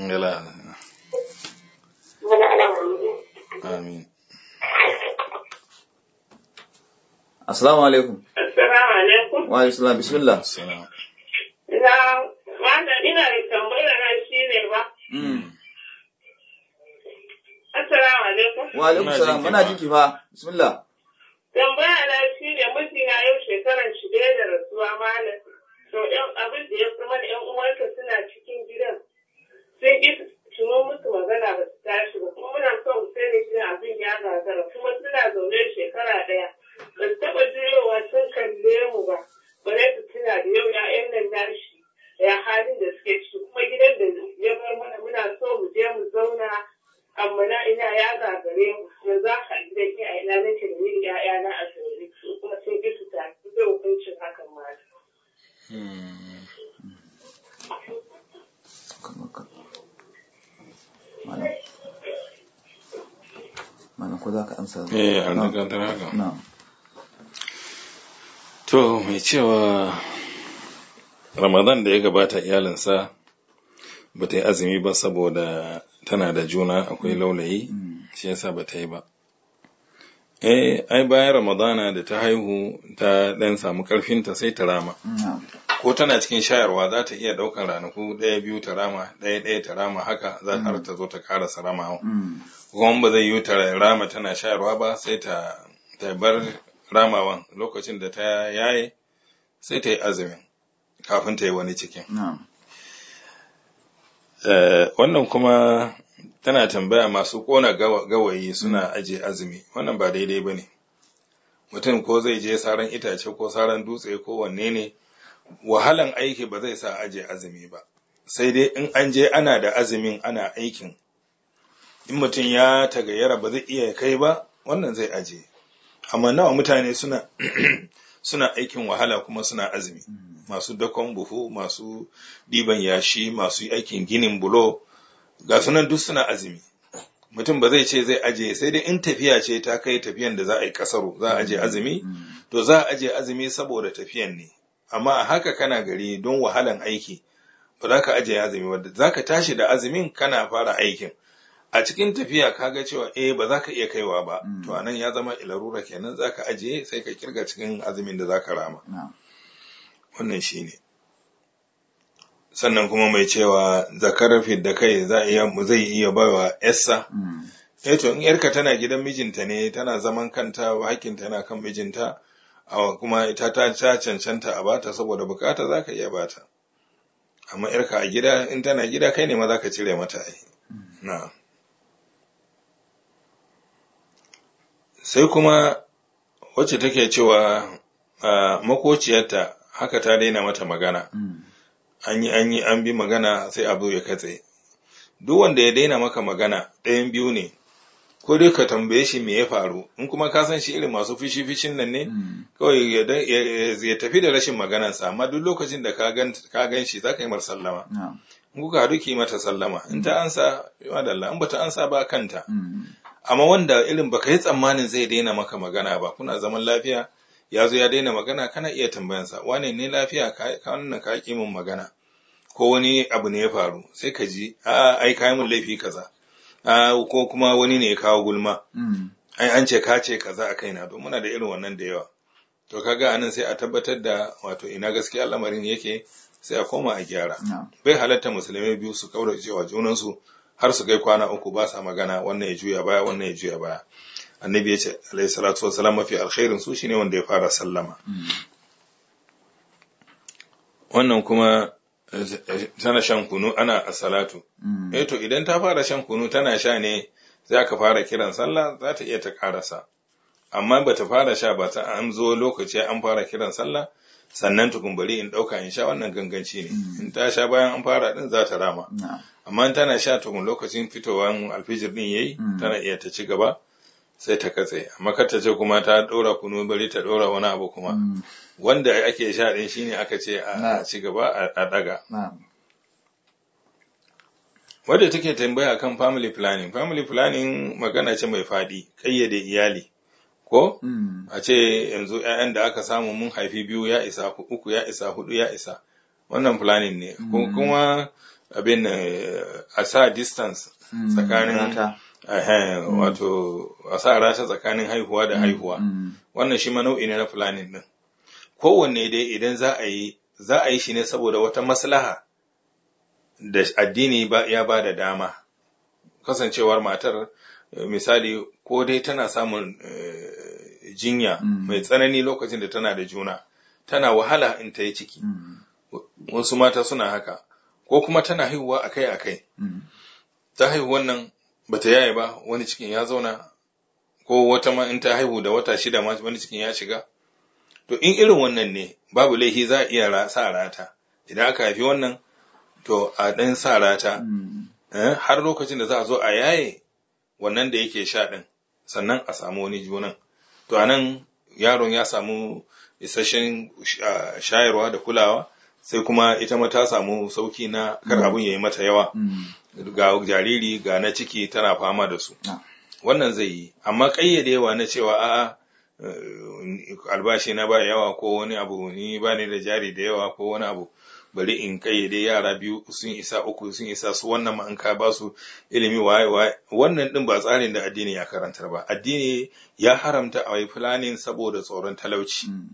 لا آمين السلام عليكم السلام عليكم وعليكم السلام بسم الله السلام لا ما دعينا لتنبيل أنا الشيني با مم. السلام عليكم وعليكم السلام أنا جيكي با بسم الله cewa Ramadan da ya gabata iyalinsa ba ta yi azumi ba saboda tana da juna akwai mm. laulayi mm. shi yasa ba ta yi ba. Eh, ai bayan Ramadana da ta haihu ta ɗan samu ƙarfinta sai ta rama. Mm. Ko tana cikin shayarwa za ta iya ɗaukar ranaku ɗaya biyu ta rama, ɗaya ɗaya ta rama haka za ta ta zo ta ƙara sarama Kuma ba zai yi ta rama tana shayarwa ba sai ta bar ramawan lokacin da ta yaye sai ta yi azumin kafin ta yi wani cikin eh, wannan kuma tana tambaya masu kona gawayi suna mm. aje azumi wannan ba daidai ba ne mutum ko zai je saran itace ko saran dutse ko wanne ne wahalan aiki ba zai sa aje azumi ba sai dai in an je ana da azumin ana aikin in mutum ya tagayyara ba zai iya kai ba wannan zai aje amma nawa mutane suna suna aikin wahala kuma suna azumi hmm. masu dakon buhu masu diban yashi masu aikin ginin bulo ga sunan duk suna azumi mutum ba zai ce zai aje sai dai in tafiya ce ta kai tafiyan da za a yi kasaro za a aje hmm. azumi hmm. to za a aje azumi saboda tafiyan ne amma a haka kana gari don wahalan aiki ba za ka aje azumi ba za ka tashi da azumin kana fara aikin a cikin tafiya ka ga cewa eh ba za ka iya kaiwa ba mm. to anan ya zama ilarura kenan za ka ajiye sai ka kirga cikin azumin da za ka rama wannan shi ne sannan kuma mai cewa zakar da kai za iya zai iya baiwa yarsa mm. eh to in yarka tana gidan mijinta ne tana zaman kanta hakkin tana kan mijinta kuma ita ta ta cancanta a bata saboda bukata za ka iya bata amma yarka a gida in tana gida kai ne ma za ka cire mata mm. na'am sai kuma wacce take cewa makociyarta haka ta daina mata magana mm. an yi an yi an bi magana sai abu ya katse duk wanda ya daina maka magana ɗayan biyu ne ko dai ka tambaye shi me ya faru in kuma ka san shi irin masu fishi fishin nan ne mm. kawai ya tafi da rashin maganarsa amma duk lokacin da ka gan shi za ka yi mar sallama in kuka haɗu ki mata sallama in ta ansa yi da Allah in bata ansa ba kanta mm. amma wanda irin baka yi tsammanin zai daina maka magana ba kuna zaman lafiya ya zo ya daina magana kana iya tambayansa wane ne lafiya ka wannan ka ki min magana ko wani abu ne ya faru sai ka ji a ai kai mun laifi kaza a ko kuma wani ne ya kawo gulma mm. ai an ce ka ce kaza a kaina don muna da irin wannan da yawa to kaga anan sai a tabbatar da wato ina gaskiya lamarin yake sai a koma a gyara bai halatta musulmai biyu su kaurace wa junansu har su kai kwana uku ba sa magana wannan ya juya baya wannan ya juya baya annabi ya ce alayhi salatu wassalam mafi alkhairin su shine wanda ya fara sallama wannan kuma tana shan kunu ana salatu mm. eh to idan ta fara shan kunu tana sha ne za ka fara kiran sallah za ta iya ta karasa amma ba ta fara sha ba ta an zo lokaci an fara kiran sallah sannan tukun in ɗauka in sha wannan ganganci ne mm. in ta sha bayan an fara din za ta rama amma in tana sha tukun lokacin fitowar alfijir din yayi mm. tana iya ta ci gaba sai ta katse amma kar ta ce kuma ta ɗora kunu bari ta ɗora wani abu kuma mm. wanda ake sha din shine aka ce a ci gaba a ɗaga wadda take tambaya kan family planning family planning magana ce mai fadi kayyade iyali ko hmm. a ce yanzu 'ya'yan da aka samu mun haifi biyu ya isa uku ya isa hudu ya isa wannan planning ne hmm. kuma abin eh, a sa distance hmm. tsakanin wato a sa rasha tsakanin haihuwa da haihuwa wannan shi nau'i na planning din kowanne dai idan za za a yi shi ne saboda wata maslaha da addini ya ba da dama kasancewar matar misali ko dai tana samun eh, jinya mm. mai tsanani lokacin da tana da juna tana wahala in ta yi ciki mm. wasu mata suna haka ko kuma tana haihuwa akai-akai mm. ta haihu wannan bata yaye ba wani cikin ya zauna ko wata ma in ta haihu da wata shida ma wani cikin ya shiga to in irin wannan ne babu laifi za a iya sa rata idan aka haifi wannan to a ɗan sa rata eh, har lokacin da za a zo a yaye wannan da yake sha ɗin sannan a samu wani junan to a nan yaron ya samu isasshen ah, shayarwa da kulawa sai kuma ita ma ta samu sauki na kar mm. abun ya yi mata yawa mm. ga jariri ga na ciki tana fama da su ah. wannan zai yi amma ƙayyadewa na cewa a'a eh, albashi na ba yawa ko wani abu ni ba da jari da yawa ko wani abu bari in kayyade yara biyu sun isa uku sun isa su wannan ma in ka ba su ilimi waye waye wannan din ba tsarin da addini ya karantar ba addini ya haramta a planning saboda tsoron talauci hmm.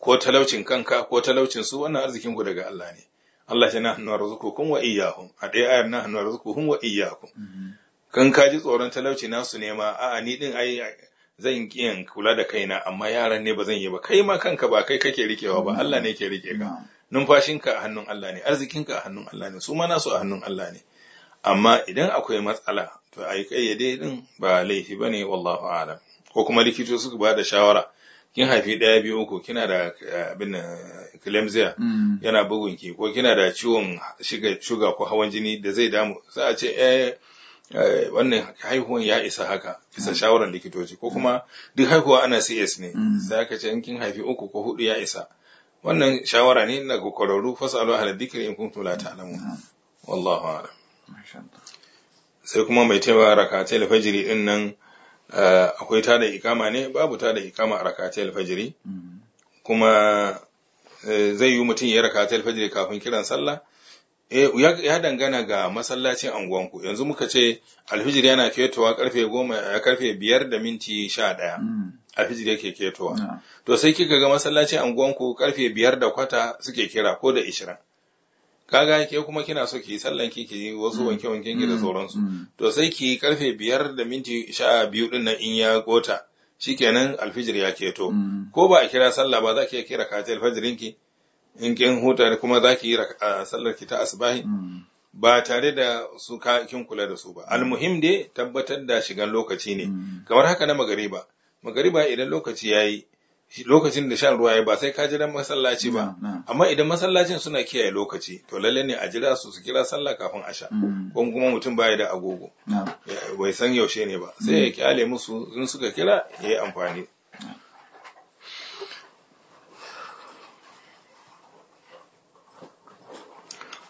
ko talaucin kanka ko talaucin su wannan arzikin ku daga Allah ne Allah ya nahnu rizqukum wa iyyahum a dai ayar nahnu rizqukum wa iyyakum hmm. kan ka ji tsoron talauci nasu nema a'a ni din ai zan kiyan kula da kaina amma yaran ne ba zan yi ba kai ma kanka ba kai kake rikewa ba hmm. Allah ne ke rike ka numfashinka a hannun Allah ne arzikinka a hannun Allah ne su ma nasu a hannun Allah ne amma idan akwai matsala to a yi kayyade din ba laifi ba ne wallahu alam ko kuma likito suka ba da shawara kin haifi ɗaya biyu uku kina da eh, abin clemzia mm. yana bugun ki ko kina da ciwon shuga ko hawan jini da zai damu sai a ce eh, eh wannan haihuwan ya isa haka isa mm. shawaran likitoci ko kuma duk haihuwa ana cs ne sai mm. ka ce in kin haifi uku ko hudu ya isa wannan shawara ne na kwararru fasalu ahla dhikri in kuntum la mm-hmm. wallahu ala sai kuma mai taiwa rakatai alfajiri din nan eh, akwai ta da ikama ne babu ta da ikama a rakatai alfajiri mm-hmm. kuma eh, zai yi mutum ya rakatai alfajiri kafin kiran sallah eh, ya dangana ga masallacin anguwanku yanzu muka ce alfijir yana ketowa karfe goma karfe biyar da minti sha ɗaya mm. alfijir ke ketowa to sai kika ga masallaci anguwanku karfe biyar da kwata suke kira ko da ishirin kaga ke kuma kina so ki sallan ki ki wasu mm. wanke wanke ki da mm. sauransu mm. to sai ki karfe biyar da minti sha biyu din nan in ya gota shikenan alfijir ya keto ko ba a kira sallah ba za ki kira kati alfajirin ki in kin huta kuma za ki yi sallar ki ta asbahi ba tare da su kin kula da su ba almuhim dai tabbatar da shigan lokaci ne kamar haka na magariba magariba idan lokaci yayi lokacin da shan ruwa ya ba sai ka jira masallaci ba amma idan masallacin suna kiyaye lokaci to lalle ne a jira su su kira sallah kafin a sha mm. ko kuma mutum baya da agogo bai san yaushe ne ba sai ya mm. kyale musu in suka kira ya yi amfani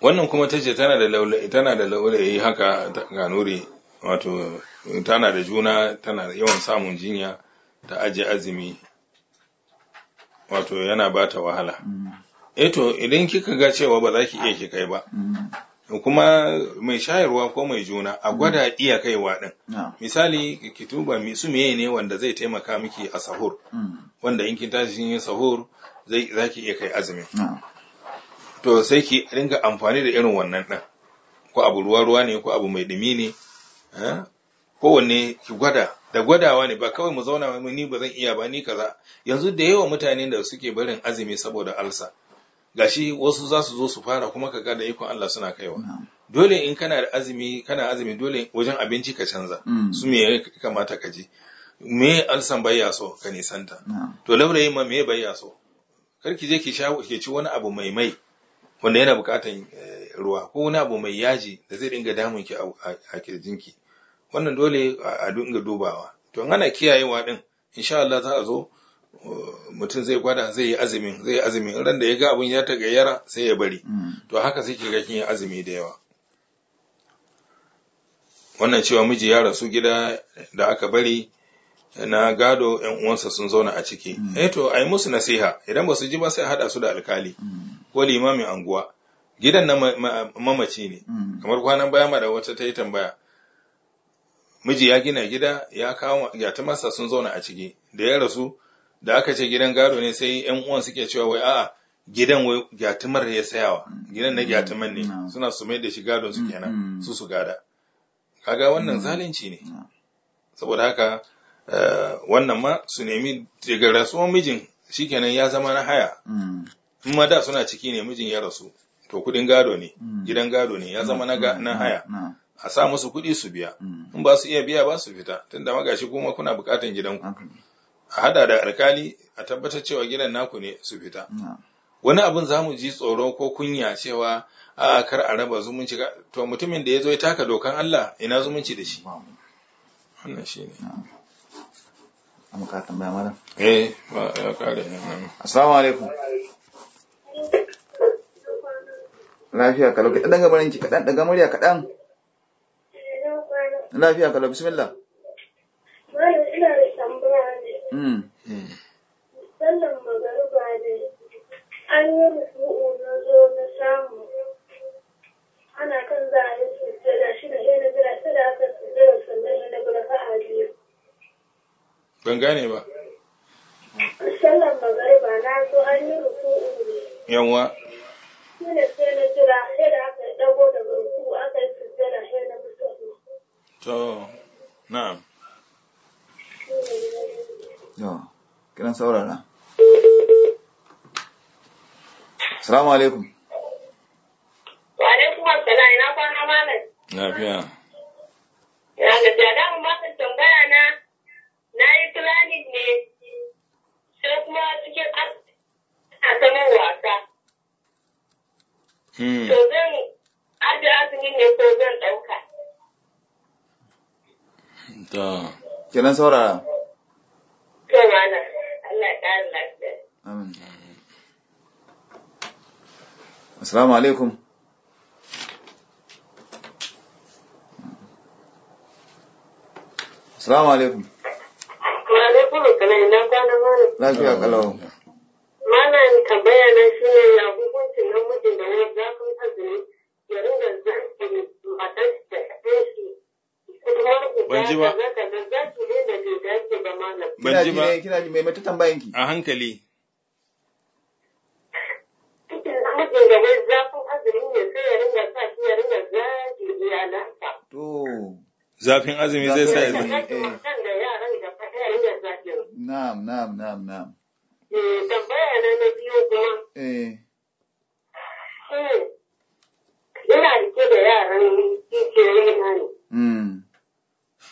wannan kuma ta ce tana da laula tana da haka ga nuri wato tana da juna tana yawan samun jinya ta aje azumi wato yana ba ta wahala mm. eto eh idan kika ga cewa ba za ki iya ki kai ba mm. kuma mai shayarwa ko mai juna a mm. gwada iya kaiwa din misali ki tuba su meye ne wanda zai taimaka miki a sahur wanda in kin tashi yin sahur zai za ki iya kai azumi to sai ki ringa amfani da irin wannan din ko abu ruwa ruwa ne ko abu mai ɗumi ne eh? kowanne ki gwada da gwadawa ne ba kawai mu zauna mu ni ba zan iya ba ni kaza yanzu da yawa mutane da suke barin azumi saboda alsa gashi wasu za su zo su fara kuma ka da ikon Allah suna kaiwa dole in kana da azumi kana azumi dole wajen abinci ka canza mm. su me ya kamata ka ji me alsan bayya so ka nisanta to laurayi ma me bayya so kar ki je ki sha ki ci wani abu mai mai wanda yana bukatan eh, ruwa ko wani abu mai yaji da zai dinga damun ki a kirjinki wannan dole a dinga dubawa to ana kiyayewa din insha Allah za a zo uh, mutum zai gwada zai yi azumin zai yi azumin ran da ya ga abin ya tagayyara sai ya bari mm. to haka sai ke ga kin azumi da yawa wannan cewa miji ya rasu gida da aka bari na gado yan uwansa sun zauna a ciki mm. eh to ai musu nasiha idan ba su ji ba sai a hada su da alkali mm. ko limamin anguwa gidan na mamaci ne kamar kwanan baya ma da wata ta yi tambaya miji ya gina gida ya kawo ya ta masa sun zauna a ciki da ya rasu da aka ce gidan gado ne sai yan uwan suke cewa wai a'a gidan wai gyatumar ya sayawa gidan na gyatuman ne mm, suna su mai da shi gado su kenan mm, mm. su su gada kaga wannan zalunci ne saboda haka eh, wannan ma su nemi daga rasuwan mijin shikenan ya zama na haya in ma da suna ciki ne mijin ya rasu to kudin gado ne gidan gado ne ya zama na haya a sa musu kuɗi su biya mm. in ba su iya biya ba su fita tunda magashi kuma kuna buƙatan gidanku a hada da alkali a tabbatar cewa gidan naku ne su fita wani abin za mu ji tsoro ko kunya cewa a kar a raba zumunci to mutumin da ya zo ya taka dokan Allah ina zumunci da shi wannan shi ne a bukatan bayan mara. eh ba ya kare assalamu alaikum lafiya kalau dan gabarin ki kadan daga murya kadan Lafiya kalau bismillah. Malam ina da tambaya ne. Hmm. Sallan magaruba ne. An yi rufu'u na zo na samu. Ana kan za a yi da shi da na jira sai da aka sujjada sannan shi na gura a biyu. Ban gane ba. Sallan magaruba na zo an yi rufu'u ne. Yawwa. Shi ne sai na jira sai da aka dago daga rufu'u aka yi da sai na to na'am yo kiran saurara assalamu kwana malam lafiya ya ga da mu ma tambaya na yi ne sai kuma cikin a sanar wasa hmm. to zan ajiye azumin ne ko zan ɗauka ta Kenan saurara. To mana, Allah ya ƙara lafiya. Amin. Assalamu alaikum. Assalamu alaikum. Wa alaikum assalam ina kwana mana. Lafiya kalau. Mana ni na shi ne ya hukuncin namijin da ya zafin azumi ya ringa zafin matan Ban ji ba. Ban ji ba. Kina ji mai mata tambayan ki. A hankali. Zafin azumi zai sa ya Na'am, na'am, na'am, na'am. Tambaya na na biyu kuma. Eh. Ina rike da yaran ikiyoyi na ne.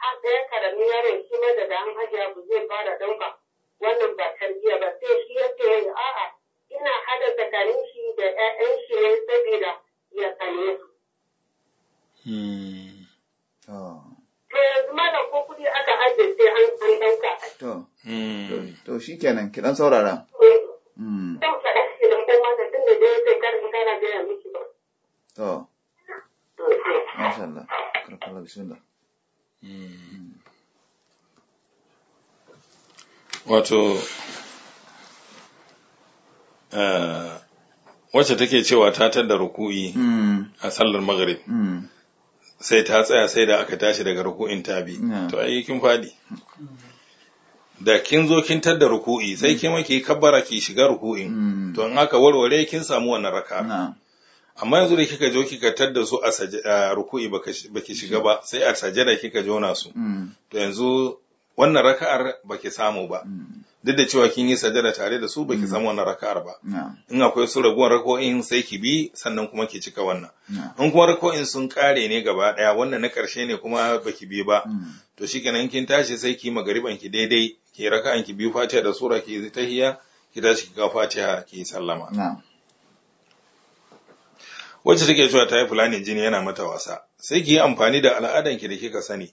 har ɗaya karamin yaron shi ma da an hajiya ku zai fara ɗauka wannan ba tarbiyya ba sai shi ya ce wani a'a ina hada tsakanin shi da 'ya'yan shi ne saboda ya tsane su. Hmm. To yanzu mana ko kuɗi aka ajiye sai an an ɗauka. To. Hmm. To shi kenan ki ɗan saurara. Eh. Hmm. Zan faɗa shi da kuma da tun da zai kai karin kana gaya miki ba. To. Masha Allah. Karfala bismillah. Mm. wato eh, wacce take cewa ta tada ruku'i mm. a sallar maghrib mm. sai ta tsaya sai da aka tashi daga ruku'in tabi to ai kin fadi da kin zo kin tada ruku'i sai kin maki kabbara ki shiga ruku'in to in aka warware kin samu wannan raka'a amma yanzu da kika zo kika tadda su a ruku'i baki shiga ba sai a sajada kika jona su mm. to yanzu wannan raka'ar baki samu ba mm. duk da cewa kin yi sajada tare da su baki mm. samu wannan raka'ar ba in akwai su raguwar rako'in sai ki bi sannan kuma ki cika wannan in kuma rako'in sun kare ne gaba daya wannan na karshe ne kuma baki bi ba to shikenan kin tashi sai ki magariban ki daidai ki raka'an ki biyu fatiha da sura ki tahiyya ki tashi ki ga fatiha ki sallama wacce take cewa ta yi fulani jini yana mata wasa sai ki yi amfani da al'adan ki da kika sani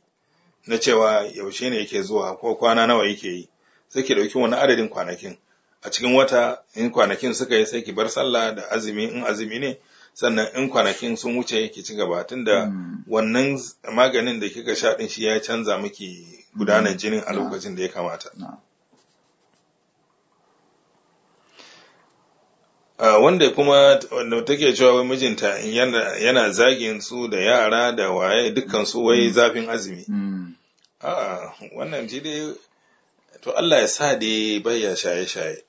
na cewa yaushe ne yake zuwa ko kwana nawa yake yi sai ki ɗauki wani adadin kwanakin a cikin wata in kwanakin suka yi sai ki bar sallah da azumi in azumi ne sannan in kwanakin sun wuce ki ci gaba tun da hmm. wannan maganin da kika sha din shi ya canza miki gudanar hmm. jinin a hmm. lokacin da ya kamata. wanda kuma wanda take cewa wai mijinta yana zagin su da yara da waye dukkan su wai mm. zafin azumi a'a mm. wannan ji dai to Allah ya sa dai bayya shaye shaye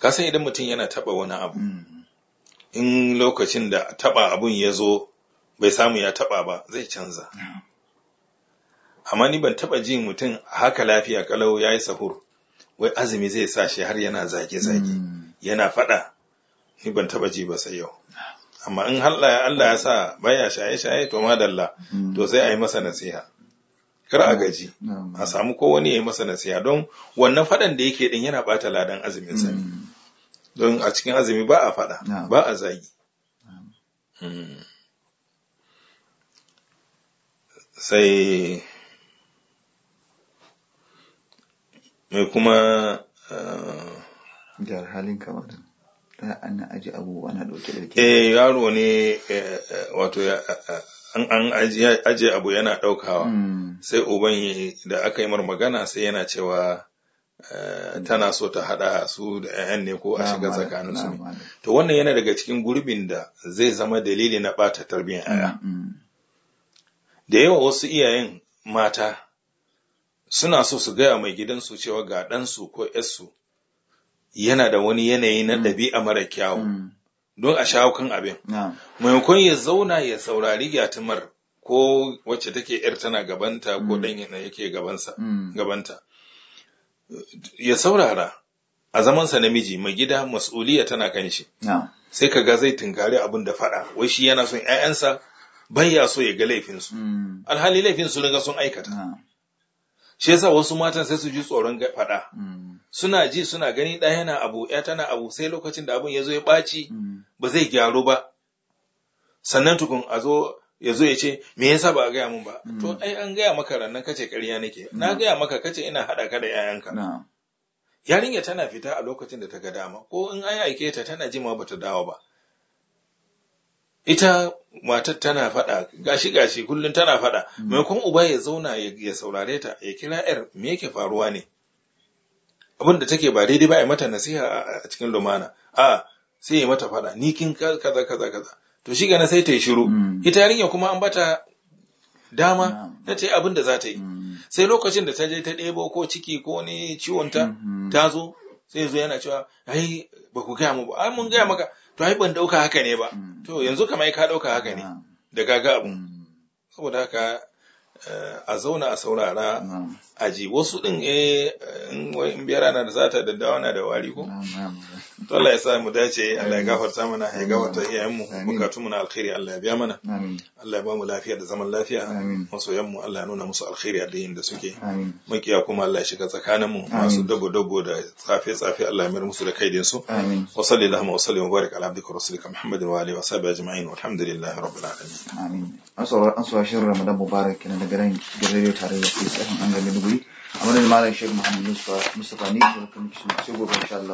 ka san idan mutum yana taba wani abu mm. in lokacin da taba abun ya zo bai samu ya taba ba zai canza amma ni ban taba jin mutum haka lafiya kalau yayi sahur wai azumi zai sa shi har yana zage-zage hmm. yana faɗa ban taba ji ba sai yau amma in Allah Allah ya sa baya shaye-shaye to madalla hmm. to sai a yi masa nasiha kar a hmm. gaji a samu ko wani ya yi masa nasiha don wannan faɗan da yake din yana bata ladan azumin sa don a cikin azumi ba a faɗa ba a zagi sai mai kuma eh, halin kamar an aji abubuwa na eh yaro ne eh, eh, wato an aje abu yana ɗaukawa hmm. sai uban da aka yi mar magana sai yana cewa tana so ta haɗa su da 'ya'yan ne ko a shiga tsakanin su to wannan yana daga cikin gurbin da zai zama dalili na ɓata tarbiyyar 'ya'ya hmm, hmm. da yawa wasu iyayen mata suna so su gaya mai gidansu cewa ga ɗansu ko ‘yarsu yana da wani yanayi na mm. ɗabi'a mara kyawu mm. don a shawo kan abin. Maimakon ya zauna ya saurari gyatumar ko wacce take ‘yar tana gabanta ko mm. ɗan yake gabanta. Ya saurara a zamansa namiji mai gida mas'uliya tana kan shi. Sai ka ga zai tunkari abin da faɗa, wai shi yana son ‘ya'yansa bai ya so ya ga laifinsu. Alhali laifinsu riga sun aikata. shi yasa wasu matan sai su ji tsoron faɗa mm. suna ji suna gani ɗaya yana abu ya tana abu sai lokacin da abin ya zo ya ɓaci mm. ba zai gyaru ba sannan tukun a zo ya zo ya ce me yasa ba a gaya mun ba mm. to ai an gaya maka rannan kace ƙarya nake na gaya maka kace ina haɗa ka da 'ya'yanka yarinya tana fita a lokacin da ta ga dama ko in an aike ta tana jima bata dawo ba ita matar tana faɗa gashi gashi kullum tana faɗa hmm. maimakon uba ya zauna ya saurare ta ya kira yar me yake faruwa ne abin da take ba daidai ba ya mata nasiha a cikin lumana a sai ya mata faɗa ni kin kaza kaza kaza to shi gana sai ta yi shiru hmm. ita yarinya kuma an bata dama na hmm. ta ce abin da za ta yi sai lokacin da ta je ta ɗebo ko ciki ko ne ciwon ta ta zo sai zo yana cewa ai ba ku gaya mu ba ai mun gaya maka to ai ban dauka haka ne ba mm. to yanzu kamar ka dauka haka ne mm. da gaga abu mm. saboda haka eh, a zauna a saurara aji wasu din eh in biyara na da zata da dawana da wari ko to Allah ya sa mu dace Allah ya gafarta mana ya gafarta iyayen mu bukatu mu na alkhairi Allah ya biya mana Allah ya ba mu lafiya da zaman lafiya wasu yan mu Allah ya nuna musu alkhairi a dayin da suke makiya kuma Allah ya shiga tsakanin mu masu dago dago da tsafe tsafe Allah ya mayar musu da kaidin su wa sallallahu alaihi wa sallam wa barik ala abdika rasulika Muhammad wa alihi wa sahbihi ajma'in walhamdulillahi rabbil alamin amin asara asara shirra madan mubarak kenan garin ran gidan tarayya sai an ga ne هون اللي معنا الشيخ محمد مصطفى مصطفى نيجي ولكن مش ان شاء الله